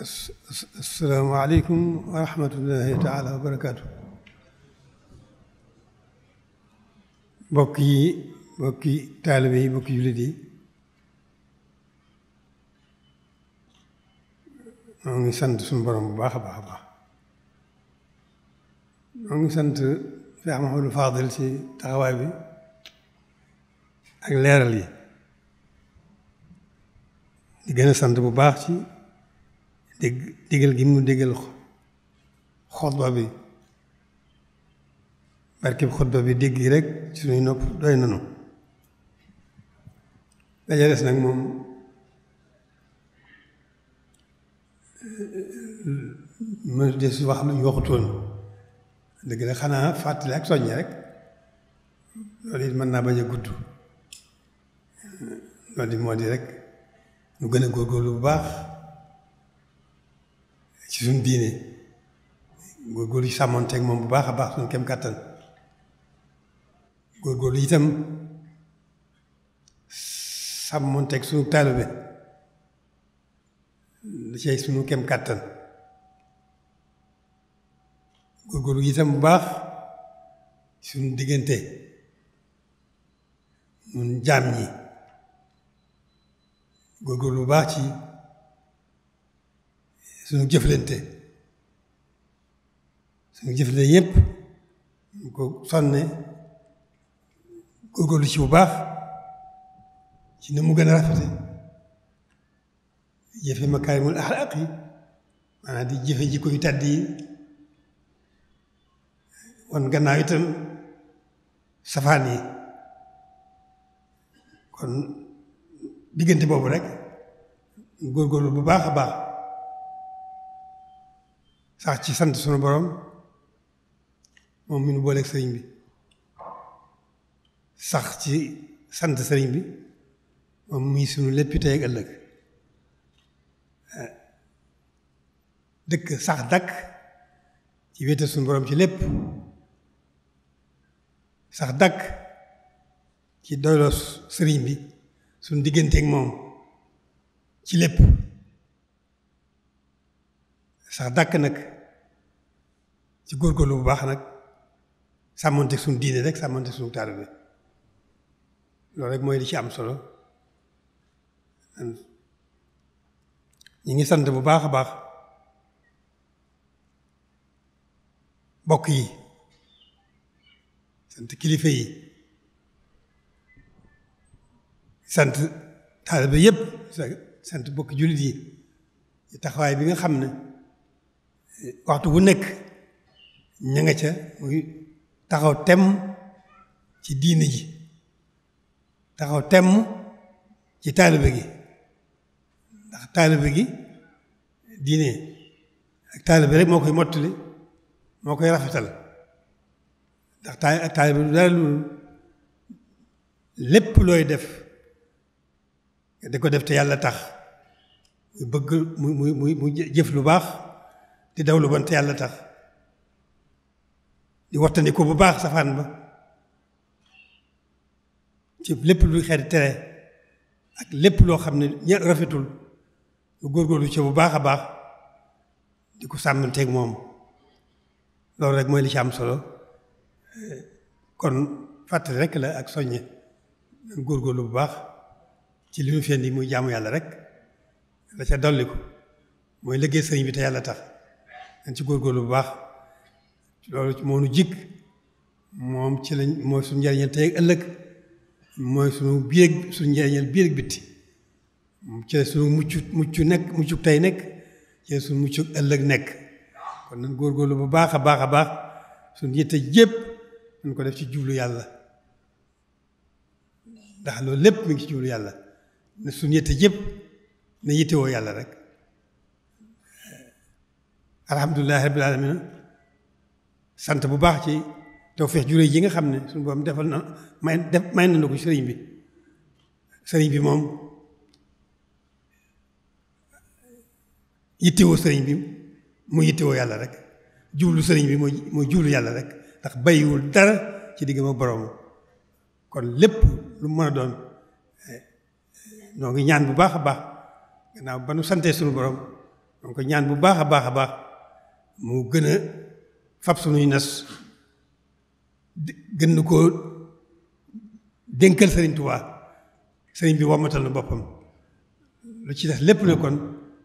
asalaamaaleykum wa rahmatullahi taala wa barakaatu mbokk yi mbokki taalibe yi mbokki jullit yi ñoo ngi sant suñu borom bu baax a baax a baax ñoo ngi sant Cheikh Mahamadou Fadil si taxawaay bi ak leeral yi di sant bu baax ci dégg digal gi mu digal xutba bi barkeb xutba bi dégg gi rek suñuy nopp doy nanu daja des nag moom ma des wax lu ñu waxutoon dëgg la xanaa fàttali ak soññi rek loolu it mën naa bañ gudd loolu di moo di rek ñu gën a góorgóorlu bu baax ci suñu diine góorgóorlu ci moom bu baax a baax suñu kem kàttan góorgóorlu itam sàmmonteeg suñu taalibe da cay suñu kem kàttan góorgóorlu itam bu baax sunu diggante ñun jaam ñi góorgóorlu bu baax ci suñu jëflante suñu jëflante yépp ñu ko sonne góorgóorlu ci bu baax ci mu gën a rafete jëfe makaarimul axlaaq yi maanaam di jëfe jikko yu tàdd yi wan gannaaw itam safaan yi kon diggante boobu rek góorgóorlu bu baax a baax sax ci sant sunu borom moom mi nu booleeg sëriñ bi sax ci sant sëriñ bi moom muy sunu lépp tey ak ëllëg dëkk sax dakk ci wéetal sunu borom ci lépp sax dakk ci doyloo sëriñ bi sunu digganteek moom ci lépp sax dàkk nag ci góorgóorlu bu baax nag sàmmonte suñu diine rek sàmmonte suñu taalibe loolu rek mooy li ci am solo ñu ngi sant bu baax a baax bokk yi sant kilifa yi sant bi yépp sant bokk jullit yi taxawaay bi nga xam ne waxtu wu nekk ña nga ca muy taxaw tem ci diine ji taxaw tem ci taalibe gi ndax taalibe gi diine ak taalibe rek moo koy mottali moo koy rafetal ndax taalibe du dara lu lépp looy def di ko def te yàlla tax muy bëgg muy mu muy jëf lu baax di daw lu bon yàlla tax di wattandi ko bu baax safaan ba ci lépp luy xeeti tere ak lépp loo xam ne ña rafetul lu góorgóorlu ci bu baax a baax di ko sàmmanteeg moom loolu rek mooy li ci am solo kon fàttali rek la ak soññe góorgóorlu bu baax ci li ñu feen di muy jaamu yàlla rek la ca dolli mooy liggéey sëriñ bi te yàlla tax dañ ci góorgóorlu bu baax loolu moo nu jikk moom ci lañ mooy su njëriñal tey ak ëllëg mooy suñu biir suñu njëriñal biir ak bitti ci la suñu mucc mucc nekk muccu tey nekk ci la muccu ëllëg nekk kon góor góorlu bu baax a baax a baax su yitte jépp ñu ko def ci jublu yàlla ndax loolu lépp mi ngi ci yàlla ne suñu yitte jépp ne yittewoo yàlla rek alhamdulilahi rabbil alamin sant bu baax ci tawfeex jure ji nga xam ne suñu boom defal na may def may na ko sëriñ bi sëriñ bi moom yittewoo sëriñ bi mu yittewoo yàlla rek jublu sëriñ bi mooy mooy jublu yàlla rek ndax bàyyiwul dara ci diggam boroom kon lépp lu mën doon eh, noo ngi ñaan bu baax a baax gannaaw ba santee suñu borom donc bu baax a baax a baax mu gën fab sunuy nas gën na koo dénkal sëriñ Tuubaa sëriñ bi wommatal na boppam lu ci des lépp ne kon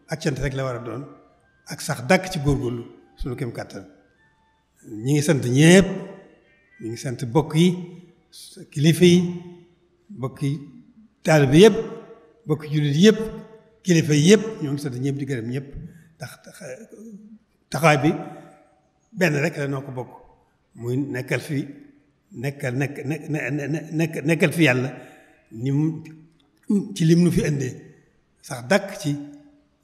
ak cant rek la war a doon ak sax dàkk ci góorgóorlu sunu kem kàttan ñi ngi sant ñépp ñi ngi sant bokk yi kilifa yi bokk yi taalibe yépp bokk jullit yépp kilifa yi yépp ñoo ngi sant ñépp di gërëm ñépp ndax bi benn rek la noo ko bokk muy nekkal fi nekkal nekk nekk nekkal fi yàlla ni mu ci lim nu fi indee sax dàkk ci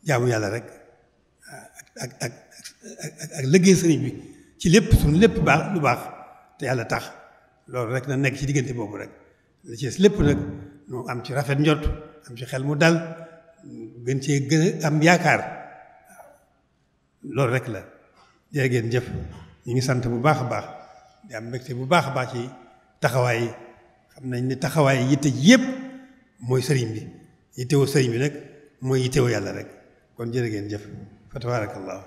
jaamu yàlla rek ak ak ak ak liggéey bi ci lépp suñu lépp baax lu baax te yàlla tax loolu rek na nekk ci diggante boobu rek la ci lépp nag mu am ci rafet njort am ci xel mu dal gën cee gën am yaakaar loolu rek la jërë ngeen jëf ñu ngi sant bu baax a baax di am mbégte bu baax a baax ci taxawaay xam nañ ni taxawaay yi yitte ji yëpp mooy sëriñ bi yittewoo sëriñ bi nag mooy yittewoo yàlla rek kon jërë ngeen jëf fa tabarakallah